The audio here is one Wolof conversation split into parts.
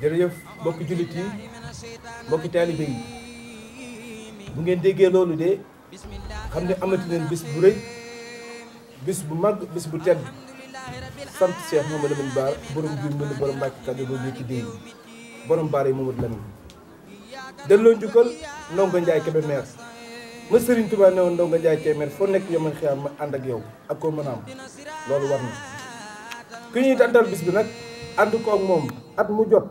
jërëjëf mbokki jullit yi mbokki taalibe yi bu ngeen déggee loolu de xam ne amati leen bis bu rëy bis bu mag bis bu tedd sant Cheikh Mamadou a Bara borom jur mën borom Mbàkke Kajoor boo ñëkki déy borom baara yi Mamadou Lamine delloo njukkal ndongo Njaay Kébé maire ma Sëriñ Tuubaa ne woon ndongo Njaay Kébé maire foo nekk yow man xiyaam ma ànd ak yow ak koo mën a am loolu war na ki ñuy tàntal bis bi nag ànd ko ak moom at mu jot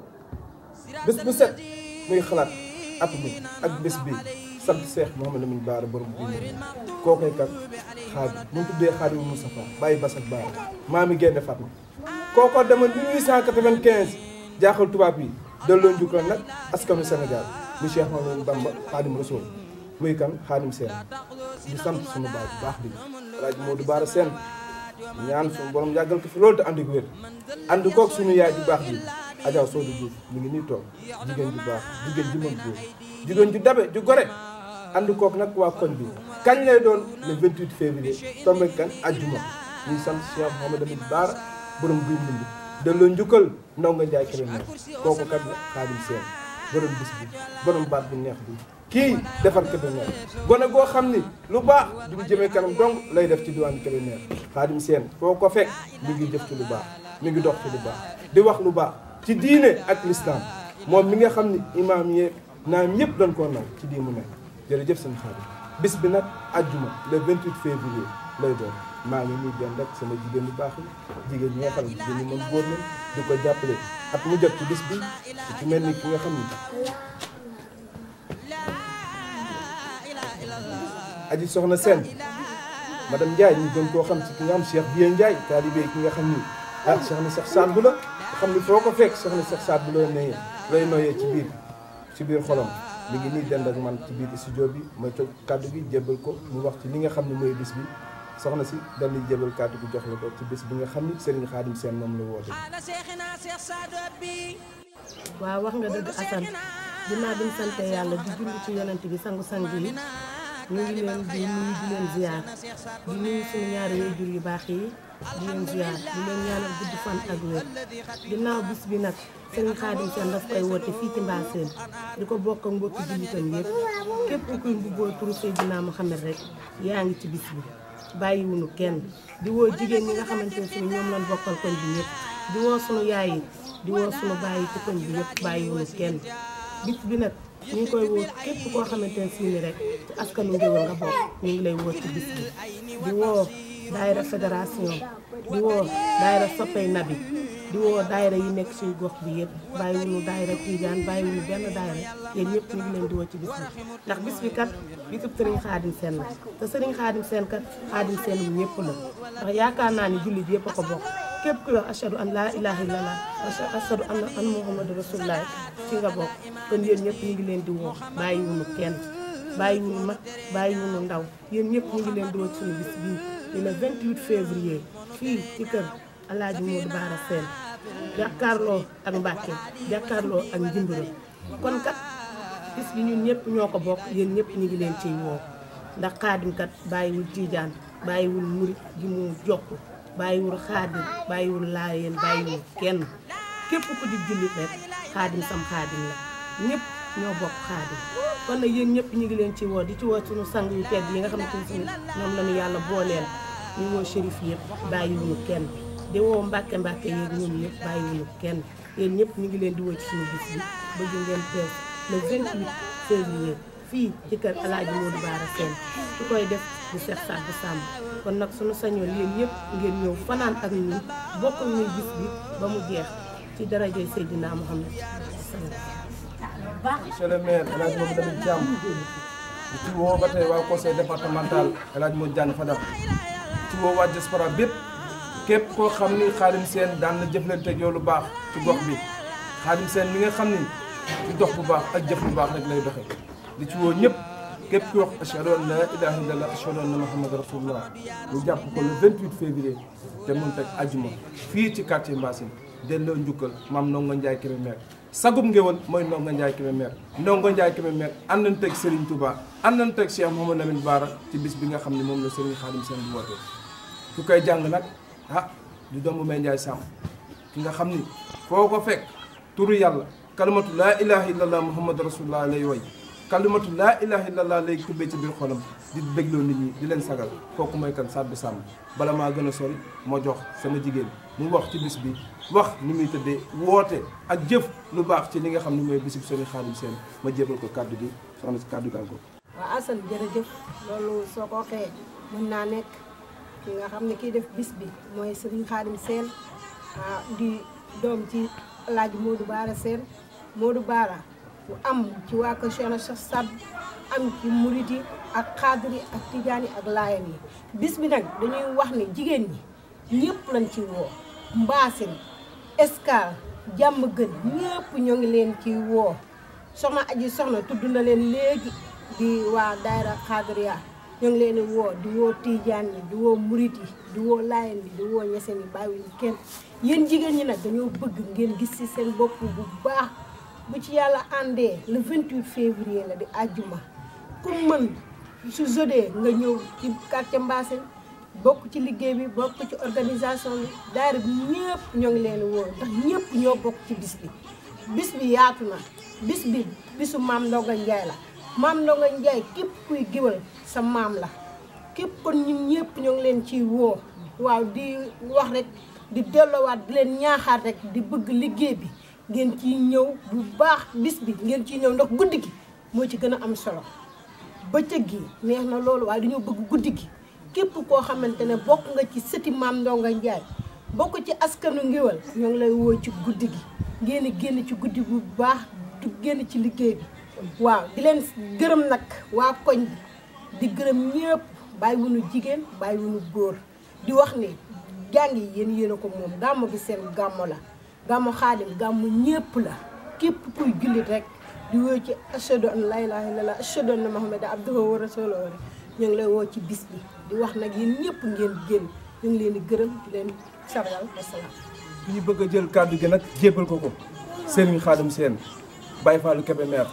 bés bu set muy xalaat at mi ak bés bi sant Seex Mouhamed Lamine Baara borom bi koo koy kat xaadim mu tuddee Xaadimu Mustafa bàyyi Basak Baara maami Gaynde Fatma kookoo demoon 1895 jaaxal tubaab yi delloo njukkal nag askanu Sénégal bu Cheikh Mouhamed Bamba Xaadimu Rasuul muy kan Xaadim Seen di sant suñu baay bu baax bi Alaaji Moodu Baara Seen ñaan sunu borom yàggal ko fi loolu te ànd ak wér ànd koog sunu yaay bu baax bi Adja Soodu Diouf mu ngi nii toog jigéen ju baax jigéen ju mën góor jigéen ju dabe ju gore ànd kook nag waa koñ bi kañ lay doon le 28 février tombé kan ajjuma ñuy sant Cheikh Mouhamed Amine Baara borom guy mbind delloo njukkal Ndonga Njaay Kébémer kooku kat la Xaadim Seen borom bis bi borom baat bu neex bi kii defar Kébémer gone goo xam ni lu baax du mu jëmee kanam dong lay def ci diwaan Kébémer Xaadim Seen foo ko fekk mi ngi jëf ci lu baax mu ngi dox ci lu baax di wax lu baax ci diine ak lislaam moom mi nga xam ni imaam yeeg naam ñëpp dañ koo naw ci diimu nekk jërëjëf seen Xaadim bis bi nag ajjuma le 28 février lay doon maa ngi nuyu jënd ak sama jigéen bu baax jigéen ñi nga xam ne jigéen ñi mën góor na di ko jàppale ak mu jot ci bis bi ci mel ni ki nga xam ni aji soxna seen madame Ndiaye ñu gën koo xam ci ki nga xam Cheikh ki nga xam ni ah Cheikh na Cheikh bu la xam ni foo ko fekk soxna Cheikh Saad bu lay noyee lay noyee ci biir ci biir xolam mi ngi nii dend ak man ci biir studio bi ma toog kàddu gi jébbal ko mu wax ci li nga xam ne mooy bis bi soxna si dañ lay jébbal kàddu gi jox la ko ci bis bi nga xam ni Serigne Khadim seen moom la woote. waaw wax nga dëgg Assane dinaa bi ñu sant yàlla di julli ci yonent bi sangu-sangu yi. ñu ngi leen di nuyu di leen di nuyu suñu ñaari waajur yu baax yi di leen ziar di leen ñaanal gudd fan ak wér ginnaaw bis bi nag sëriñ Xaadim Seen daf koy woote fii ci Mbasseen di ko bokk ak mbokki jullitam yëpp képp kuy mbubboo turu Seydina Muhammad rek yaa ngi ci bis bi bàyyiwuñu kenn di woo jigéen ñi nga xamante ne suñu ñoom lañ bokkal koñ bi ñëpp di woo suñu yaay yi di woo suñu bàyyi ci koñ bi yëpp bàyyiwuñu kenn bis bi nag ñu ngi koy woo képp koo xamante ne sii nii rek ci askanu Ngéwél nga bokk ñu ngi lay woo ci bis bi di woo daayira fédération di woo daayira na bi di woo daayira yi nekk suñu gox bi yëpp bàyyiwuñu daayira tiijaan bàyyiwuñu benn daayira yéen ñëpp ñu ngi leen di woo ci bis bi ndax bis bi kat bisub sëriñ xaadim seen la te sëriñ xaadim seen kat xaadim seen bu ñëpp la ndax yaakaar naa ni jullit yëpp a ko bokk képp ku wax ashadu an laa ilaha illallah ashadu an an muhammadu rasulullah ci nga bokk kon yéen ñëpp ñu ngi leen di woox woo bàyyiwuñu kenn bàyyiwuñu mag bàyyiwuñu ndaw yéen ñëpp ñu ngi leen di woo suñu bis bii di le 28 fii ci kër alaaji Modou Bara Sène jàkkaarloo ak Mbàkke jàkkaarloo ak Njimbira kon kat bis bi ñun ñëpp ñoo ko bokk yéen ñëpp ñu ngi leen ci woo ndax xaadim kat bàyyiwul tiijaan bàyyiwul murit gi mu jokk bàyyiwul xaadim bàyyiwul laayeen bàyyiwul kenn képp ku di jullit rek xaadim sam xaadim la ñëpp ñoo bokk xaadim kon na yéen ñëpp ñu ngi leen ci woo di ci woo suñu sang yu tedd yi nga xam ne si ñoom la yàlla booleel ñu woo shérif yëpp bàyyiwuñu kenn di woo mbàkke mbàkke yeeg ñoom ñëpp bàyyiwuñu kenn yéen ñëpp ñu ngi leen di woo ci suñu bis bi bëgg ngeen teew le 28 février fii ci kër El Hadj Modou Bara Sène koy def di Seex Saadu Samb kon nag suñu sañoon yéen yëpp ngeen ñëw fanaan ak ñun bokk ñuy bis bi ba mu jeex ci daraje Seydina Muhammad salaam. monsieur le maire El Hadj Modou Lamine Thiam di woo ba tey waa conseil départemental El Hadj Modou Diagne Fada ci woo bépp képp koo xam ni Xaadim Seen daan na jëflante ak yow lu baax ci gox bi Xaadim Seen mi nga xam ni ci dox bu baax ak jëf bu baax rek lay doxe di ci woo ñëpp képp ki wax ashhadu an la ilaha illallah ashhadu anna muhammad rasulullah ñu jàpp ko le 28 février te mun teg ajuma fii ci quartier Mbassine delloo njukkal maam Ndongo Ndiaye Kébémer sagum ngéwël mooy Ndongo Ndiaye Kébémer Ndongo Ndiaye Kébémer àndanteeg Serigne Touba àndanteeg Cheikh Mouhamadou Lamine Bara ci bis bi nga xam ne moom la Serigne Khadim Sène bu woote ku koy jàng nag ah du doomu May Ndiaye Samb ki nga xam ni foo ko fekk turu yàlla kalimatu laa ilaha illallah muhammadu rasulullah lay woy kalimatu la ilaha illallah lay tibbee ci bir xolam di beglo nit ñi di len sagal kooku mooy kan sabbi sam bala ma gëna sori mo jox sama jigéen mu wax ci bis bi wax ni muy tedde wote ak jëf lu baax ci li nga xam ne bisib sori xalim seen ma ko kaddu gi soxna ci kaddu gango wa asal jere jëf lolu soko xé mën naa ki nga xam def bis bi moy sëriñ xalim seen di dom ci laaj Modou Bara seen Modou Bara bu am ci wa ko Cheikh Cheikh sad am ci murit ak xaadir ak tidiane ak laayan yi bis bi nag dañuy wax ni jigen ñi ñepp lañ ci wo mbaasin escale jàmm geul ñepp ñoo ngi leen ci wo soxna aji soxna tuddu na leen legi di wa daira xaadiriya ñoo ngi leen wo di wo tidiane yi di wo murit di wo laayan yi di wo ñeseen yi bàyyiwuñu kenn yéen ñi nak dañu bëgg ngeen gis ci seen bopp bu baax bu ci yàlla àndee le 28 février la di àjjuma ku mën su jodee nga ñëw ci quartier Mbassène bokk ci liggéey bi bokk ci organisation bi daara bi ñëpp ñoo ngi leen wóor ndax ñëpp ñoo bokk ci bis bi bis bi yaatu na bis bi bisu maam Ndonga Njaay la maam Ndonga Njaay képp kuy giwal sa maam la képp kon ñun ñëpp ñoo ngi leen ci woo waaw di wax rek di dellowaat di leen ñaaxaat rek di bëgg liggéey bi ngeen ci ñëw bu baax bis bi ngeen ciy ñëw ndax guddi gi moo ci gën a am solo bëccëg gi neex na loolu waaye dañoo bëgg guddi gi képp koo xamante ne bokk nga ci sëti maam Ndonga Njaay bokk ci askanu Ngéwal ñoo ngi lay woo ci guddi gi ngeen génn ci guddi bu baax du génn ci liggéey bi waaw di leen gërëm nag waa koñ di gërëm ñëpp bàyyi wunu jigéen bàyyi wunu góor di wax ni jàng yi yéen yéen ko moom gàmmo bi seen gàmmo la gamu xalim gamu ñepp la kep kuy julit rek di wo ci ashadu an la ilaha illallah ashadu anna muhammadan abduhu wa rasuluhu ñu ngi lay wo ci bis bi di wax nak yeen ñepp ngeen génn ñu ngi leen di gërëm di leen sargal wasalaam ki ñu bëgg jël kàddu gi nak jébal ko ko sëriñ xaadim seen Baye kebe mer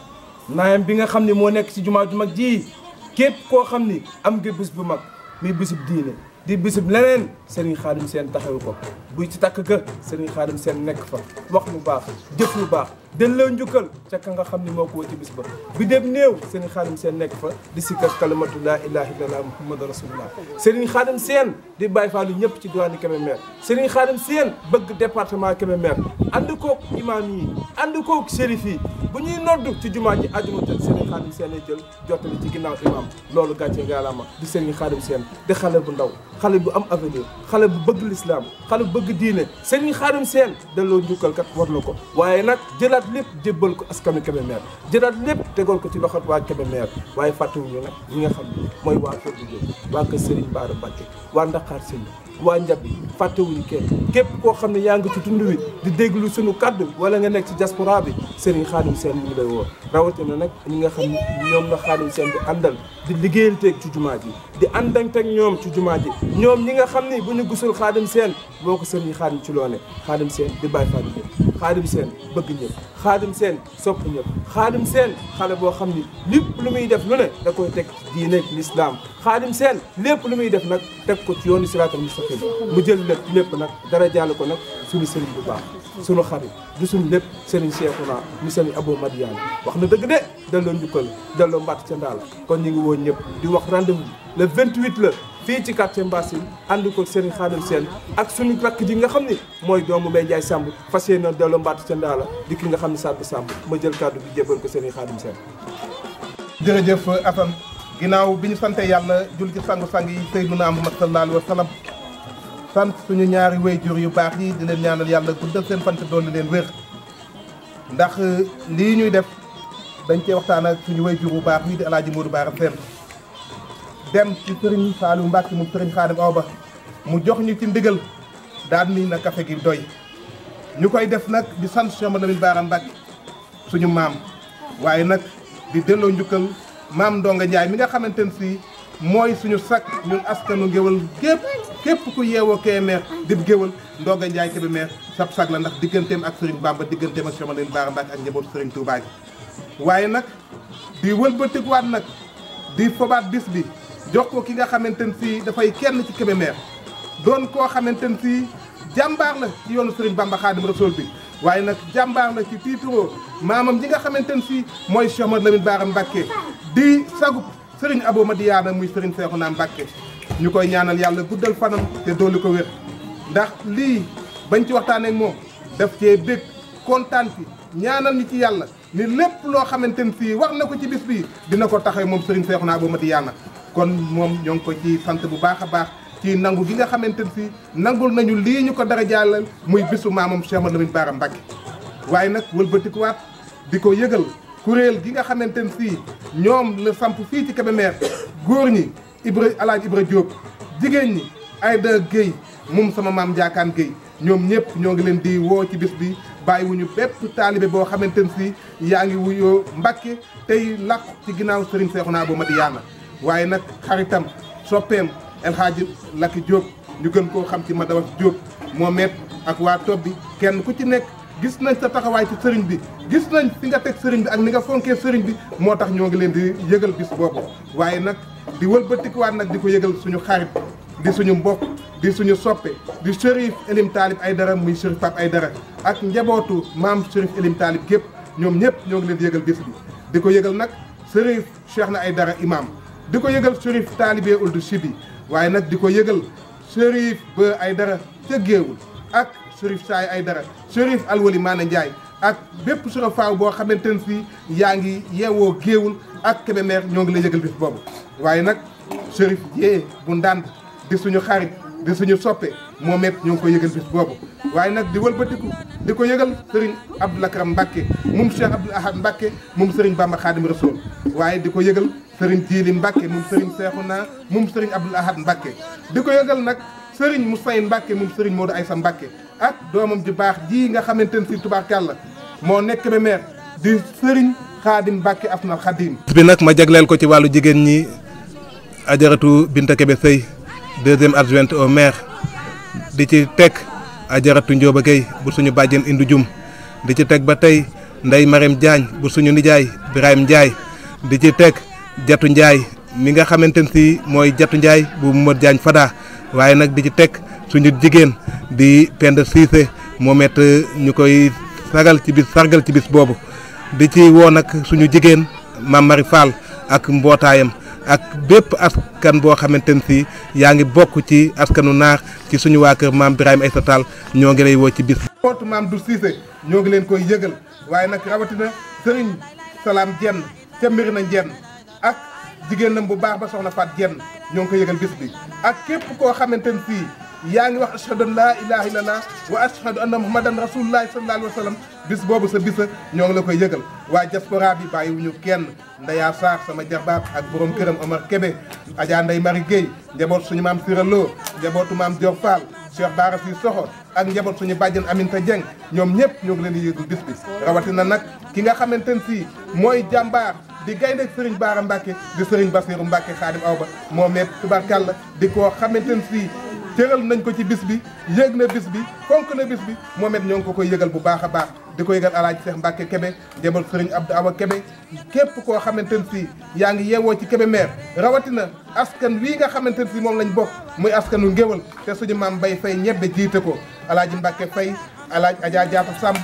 nayam bi nga xamni mo nekk ci juma ju mag ji kep ko xamni am nga bis bu mag mi bisub diine di bisub leneen Serigne Khadim Sène taxawu ko buy ci takk ga Serigne Khadim Sène nekk fa wax lu baax jëf lu baax dañ la njukkal ca ka nga xam ni moo ko woo ci bis ba bi dem néew Serigne Khadim Sène nekk fa di sikkar kalimatu laa ilaaha illallah muhammadu rasulullah Serigne Khadim Sène di bàyyi faalu ñëpp ci diwaanu Kébémer Serigne Khadim Sène bëgg département Kébémer ànd koog imaam yi ànd koog shérif yi bu ñuy noddu ci jumaa ji àjjuma jël Serigne Khadim Sène jël jottali ci ginnaaw imaam loolu gàcce ngaalaama di Serigne Khadim Sène di xale bu ndaw xale bu am avenir bu bëgg l'islam xale bu bëgg diine Serigne Khadim Sène dañ la njukkal kat war na ko jëlaat lépp jébbal ko askanu Kébémer jëlaat lépp tegoon ko ci loxo waa Kébémer waaye fàttewuñu nag ñi nga xam ne mooy waa Kër Diouf waa Kër Serigne Bara Mbacké waa Ndakar Sëñ waa Njabi fàttewuñu kenn képp koo xam ne yaa ngi ci tund wi di déglu suñu kaddu wala nga nekk ci diaspora bi Serigne Khadim seen mu ngi lay woo rawatina nag ñi nga xam ne ñoom la Khadim Sène di àndal di liggéeyanteeg ci jumaa ji di àndanteeg ñoom ci jumaa ji ñoom ñi nga xam ne bu ñu gisul Khadim Sène boo ko Serigne Khadim ci loone Khadim Sène di bàyyi Khadim xaadim seen bëgg ñëpp xaadim seen sopp ñëpp xaadim seen xale boo xam ni lépp lu muy def lu ne da koy teg diine lislaam xaadim seen lépp lu muy def nag teg ko ci yoonu siraatal mustaqim mu jël lépp lépp nag dara jàll ko nag suñu sëriñ bu baax suñu xarit du suñu lépp sëriñ Seexuna mu sëriñ Abo Madiyaan wax na dëgg de delloo njukkal dalloo mbàtt ca ndaal kon ñu ngi woo ñëpp di wax rendez-vous le 28 la fii ci quartier mbassi ànd ko Serigne Khadim Sène ak suñu rakk ji nga xam ni mooy doomu may Ndiaye Samb fas yéene delloo mbaatu ca Ndaala di ki nga xam ne Sadou Samb ma jël kàddu bi jébal ko Serigne Khadim Sène. jërëjëf Assane ginnaaw bi ñu sante yàlla jul ci sangu-sang yi Seydina Muhammad sallallahu alayhi wa sallam sant suñu ñaari wayjur yu baax yi di leen ñaanal yàlla guddal seen fant doon leen wér ndax lii ñuy def dañ cee waxtaan ak suñu wayjur yu baax yi di El Hadj Modou Bara Sène dem ci sëriñ Saliou Mbacke mu sëriñ Xaadim Awa Ba mu jox ñu ci ndigal daan ni na café gi doy ñu koy def nag di sant Cheikh Mouhamadou Lamine Bara suñu maam waaye nag di delloo njukkal maam Ndonga njaay mi nga xamante ne si mooy suñu sakk ñun askanu géwal képp képp ku yeewoo Kébémer dib géwal Ndonga Ndiaye Kébémer sab sag la ndax digganteem ak Serigne Bamba digganteem ak Cheikh Mouhamadou Lamine Bara Mbacke ak njabootu Serigne Touba gi waaye nag di wëlbatikuwaat nag di fobaat bis jox ko ki nga xamante ne sii dafay kenn ci Kébémer doon koo xamante ne sii jàmbaar na ci yoonu Serigne Bamba Xaadim Rasool bi waaye nag jàmbaar la ci tiituroo maamam ji nga xamante ne sii mooy Cheikh Mouhamadou Lamine Bara Mbacke di sagub Serigne Abou Madiana muy Serigne Cheikhouna Mbacke ñu koy ñaanal yàlla guddal fanam te doolu ko wér ndax lii bañ ci waxtaanee ak moom daf cee bég kontaan ci ñaanal ñi ci yàlla ni lépp loo xamante ne sii war na ko ci bis bii dina ko taxaw moom Serigne Cheikhouna Abou Madiana kon moom ñoo ngi ko ci sant bu baax a baax ci nangu gi nga xamante ne si nangul nañu lii ñu ko dara jàllal muy bisu maamam Cheikh Mouhamadou Lamine Bara Mbacké waaye nag wëlbatikuwaat di ko yëgal kuréel gi nga xamante ne si ñoom la samp fii ci Kébémer góor ñi Ibra Alaaj Ibra Diop jigéen ñi Aïda Guèye moom sama maam Jaakaan Guèye ñoom ñëpp ñoo ngi leen di woo ci bis bi bàyyiwuñu bépp taalibe boo xamante ne si yaa ngi wuyoo Mbàkke tey làqu ci ginnaaw Serigne Cheikhouna Bou Madiyana waaye nag xaritam soppeem El Hadji Lakki Diop ñu gën koo xam ci Madawas Diop moom it ak waa topp bi kenn ku ci nekk gis nañ sa taxawaay ci sëriñ bi gis nañ fi nga teg sëriñ bi ak ni nga fonkee sëriñ bi moo tax ñoo ngi leen di yëgal bis boobu waaye nag di wëlbatikuwaat nag di ko yëgal suñu xarit di suñu mbokk di suñu soppe di Chérif Elim Talib Aïdara muy Chérif ay Aïdara ak njabootu maam Chérif Elim Talib gépp ñoom ñëpp ñoo ngi leen di yëgal bis bi di ko yëgal nag Chérif Cheikh na Aïdara imam di ko yëgal Chérif Talibé Ould Chibi waaye nag di ko yëgal Chérif Ba Aïdara ca Géewul ak Chérif Saay ay Aïdara Chérif Alwali Maana Ndiaye ak bépp sura faaw boo xamante ne fii yaa ngi yeewoo Géewul ak Kébémer ñoo ngi la yëgal bis boobu waaye nag Chérif Dieye bu ndànd di suñu xarit di suñu soppe moom it ñoo ngi koy yëgal bis boobu waaye nag di wëlbatiku di ko yëgal Serigne Abdoul Akram Mbacké moom Cheikh Abdoul Ahad Mbacké moom Serigne Bamba Khadim Rasoul waaye di ko yëgal sëriñ Jiili Mbacke moom sëriñ Seexuna moom sëriñ Abdoul Ahad Mbacke di ko yëgal nag sëriñ Moussaïn Mbacke mu sëriñ ay sa Mbacke ak doomam ju baax ji nga xamante ne si tubaarkàlla moo nekk ba meer di sëriñ Xaadim Mbacke Afnal Xaadim bi nag ma jagleel ko ci wàllu jigéen ñi ajaratu Binta Kebe Sey deuxième adjointe au di ci teg ajaratu Ndioba suñu bàjjen Indu Jum di ci teg ba tey ndey Marème Diagne bu suñu nijaay Birahim Ndiaye di ci teg. Jatu Ndiaye mi nga xamante ne mooy Jatu Ndiaye bu Momadou Diagne Fada waaye nag di ci teg suñu jigéen di Penda Cissé moom it uh, ñu koy sagal ci bis sargal ci bis boobu di ci woo nag suñu jigéen Mame Marie Fall ak mbootaayam ak bépp askan boo xamante ne si yaa ngi bokk ci askanu naar ci suñu waa kër maam Birahima Aïssa Tall ñoo ngi lay woo ci bis bootu maam du Cissé ñoo ngi leen koy yëgal waaye nag rawatina sëriñ salaam jenn ca mbir na jenn jigéenam bu baax ba soxna Faat Jenn ñoo ngi ko yëgal bis bi ak képp koo xamante ni fii yaa ngi wax ashhadu an laa ilaha illallah wa ashhadu anna muhammadan rasulullahi sallallahu alayhi wa sallam bis boobu sa bisa ñoo ngi la koy yëgal waa diaspora bi bàyyiwuñu kenn Ndaya Sarr sama jarbaat ak borom këram Omar Kébé Adja Ndeye mari Guèye njaboot suñu maam Sira Lo njabootu maam Dior Fall Cheikh Bara Sy Soxo ak njaboot suñu bàjjen Aminta Dieng ñoom ñëpp ñoo ngi leen di yëgal bis bi rawatina nag ki nga xamante ne si mooy jàmbaar di gaynde sëriñ Baara Mbacke di sëriñ Basiru Mbacke xaadim aw ba moo meet tubarkàlla di koo xamante ne sii cëral nañ ko ci bis bi yëg na bis bi fonk na bis bi moo meet ñoo ngi ko koy yëgal bu baax a baax di ko yëgal alaaji Seex Mbacke Kebe jëbal sëriñ Abdou Awa Kebe képp koo xamante ne sii yaa ngi yeewoo ci Kebe meer rawatina askan wii nga xamante ne sii moom lañ bokk muy askanu ngéwal te suñu maam bay fay ñebbe jiite ko alaaji Mbacke fay alaaj Adja Jaata Samb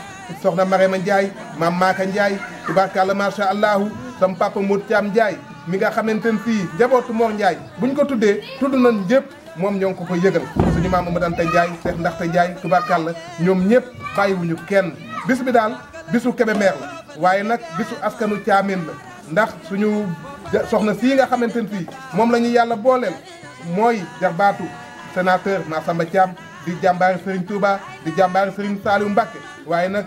soxna Marema Ndiaye maam Maaka Ndiaye tubaarkàlla macha allahu sam papa Modou Thiam Ndiaye mi nga xamante ne fii njabootu Mor bu ñu ko tuddee tudd nañ ñëpp moom ñoo ngi ko koy yëgal suñu maam Amadou ndax Ndiaye Cheikh Ndaxte Ndiaye tubaarkàlla ñoom ñëpp bàyyiwuñu kenn bis bi daal bisu Kébémer la waaye nag bisu askanu Thiamène la ndax suñu soxna sii nga xamante ne fii moom la ñu yàlla booleel mooy jarbaatu sénateur Massamba Thiam di jàmbaari Serigne Touba di jàmbaari Serigne Saliou Mbacke waaye nag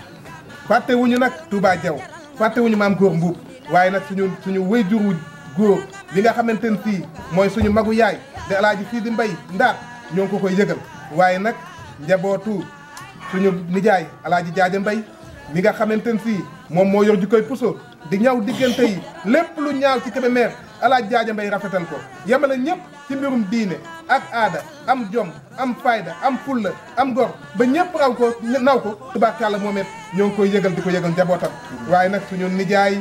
fàtte nag Touba Diaw fàtte wuñu maam góor mbuub waaye nag suñu suñu wéyjur wu góor bi nga xamante ne fii mooy suñu magu yaay di alaaji fii di mbay ndaat ñoo ngi ko koy yëgal waaye nag njabootu suñu nijaay alaaji jaaja mbay bi nga xamante ne fii moom moo yor ju koy puso di ñaw diggante yi lépp lu ñaaw ci Kébémer alaaji jaaja mbay rafetal ko yemale ñëpp ci mbirum diine ak aada am jom am fayda am fulla am gor ba ñëpp raw ko naw ko tubaarkàlla moom it ñoo ngi koy yëgal di ko yëgal njabootam waaye nag suñu nijaay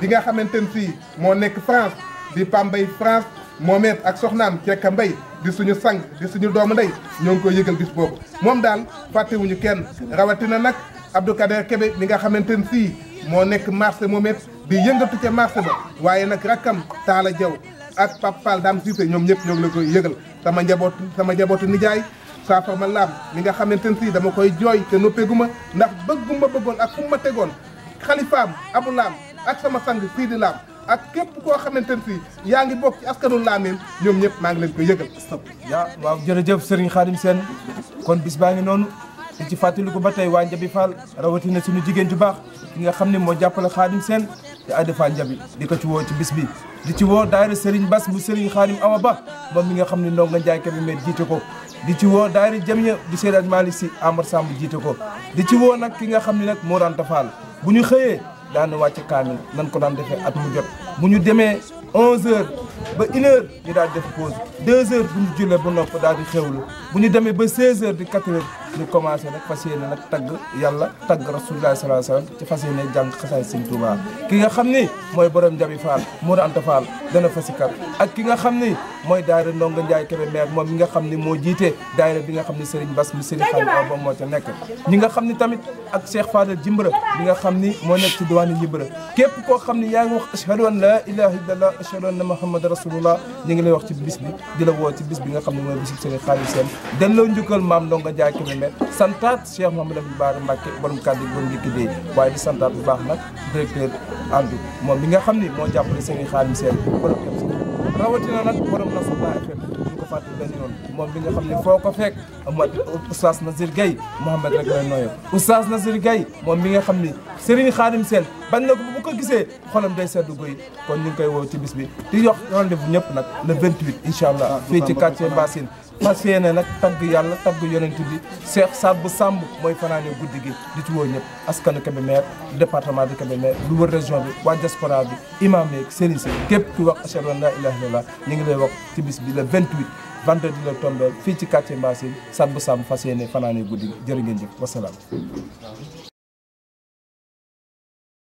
di nga xamante ne fii moo nekk France di Pambay France moom it ak soxnaam Cekka Mbay di suñu sang di suñu doomu ndey ñoo ko koy yëgal bis boobu moom daal fàttewuñu kenn rawatina nag Abdou Kader Kebe mi nga xamante ne fii moo nekk marché moom di yëngatu ca marché ba waaye nag rakkam Taala Jaw ak Pape Fall Dame ñoom ñëpp ñoo ngi la koy yëgal sama njaboot sama njabootu nijaay saa fa ma laam li nga xamante ne si dama koy jooy te noppeeguma ndax bëgguma bëggoon ak fu ma tegoon xalifaam abu laam ak sama sang sii di laam ak képp koo xamante ne si yaa ngi bokk ci askanu laameen ñoom ñëpp maa ngi leen koy yëgal yaa waaw jërëjëf Serigne Khadim seen kon bis baa ngi noonu di ci fàttaliku ba tey waa Njabi Fall rawatina suñu jigéen ju baax ki nga xam ne moo jàppale Khadim Sène te Aida Fall di ko ci woo ci bis di ci woo daayira Serigne Bass bu Serigne Khadim Awa Ba moom mi nga xam ne ndonga Njaay Kébémer jiite ko di ci woo daayira Jamiya bu Seydi Malick Sy Amar Samb jiite ko di ci woo nag ki nga xam ni nag moo daan tafaal bu ñu xëyee daan wàcc kaamil nan ko daan defee at mu jot bu ñu demee 11 heures ba une heure ñu daal def pause deux heures bu ñu jullee ba nopp daal di xewlu bu ñu demee ba seize heures di quatre heures ñu commencé nag fas yéene nag tagg yàlla tagg rasulullah sallallahu alayhi wasallam ci fas yéene jàng xasaay sëñ Tuubaa ki nga xam ni mooy borom Njabi Fall Mour Anta Fall dana fasikat ak ki nga xam ni mooy daayira Ndongo Njaay Kébé maire moom mi nga xam ni moo jiite daayira bi nga xam ni Serigne Bass mi Serigne Fall Awa moo ca nekk ñi nga xam ni tamit ak Cheikh Fadel Jimbra bi nga xam ni moo nekk ci diwaanu Jimbra képp koo xam ni yaa ngi wax ashhadu an la ilaha illallah ashhadu anna muhammadan rasulullah ñu ngi lay wax ci bis bi di la woo ci bis bi nga xam ne mooy bisub seen xaalis seen delloo njukkal maam Ndonga Ndiaye Kébémer santaat Cheikh Mouhamadou Bara Mbacké borom kàddu gi borom njëkki dee waaye di santaat bu baax nag directeur Andu moom bi nga xam ne moo jàppale seen i xaalis seen borom rawatina nag borom Rasulallah FM fàttali benn yoon moom bi nga xam ne foo ko fekk ma oustaz Nazir Guèye Mouhamed rek la nooyoo oustaz Nazir Guèye moom mi nga xam ni Serigne Khadim Sène bañ na ko bu ko gisee xolam day seddu guy kon ñu ngi koy woo ci bis bi di yox rendez-vous ñëpp nag le 28 incha allah fii ci quartier Mbassine fas yéene nag tagg yàlla tagg yonent bi Cheikh Sadbou Samb mooy fanaane guddi gi di ci woo ñëpp askanu Kébémer département bi Kébémer lu wër région bi waa diaspora bi imam yeeg sëriñ si képp ku wax ashhadu an laa ilaaha illallaah ñu ngi lay wax ci bis bi le 28 vendredi la tombé fii ci quartier Mbassine Sadbou Samb fas yéene fanaane guddi gi jërë ngeen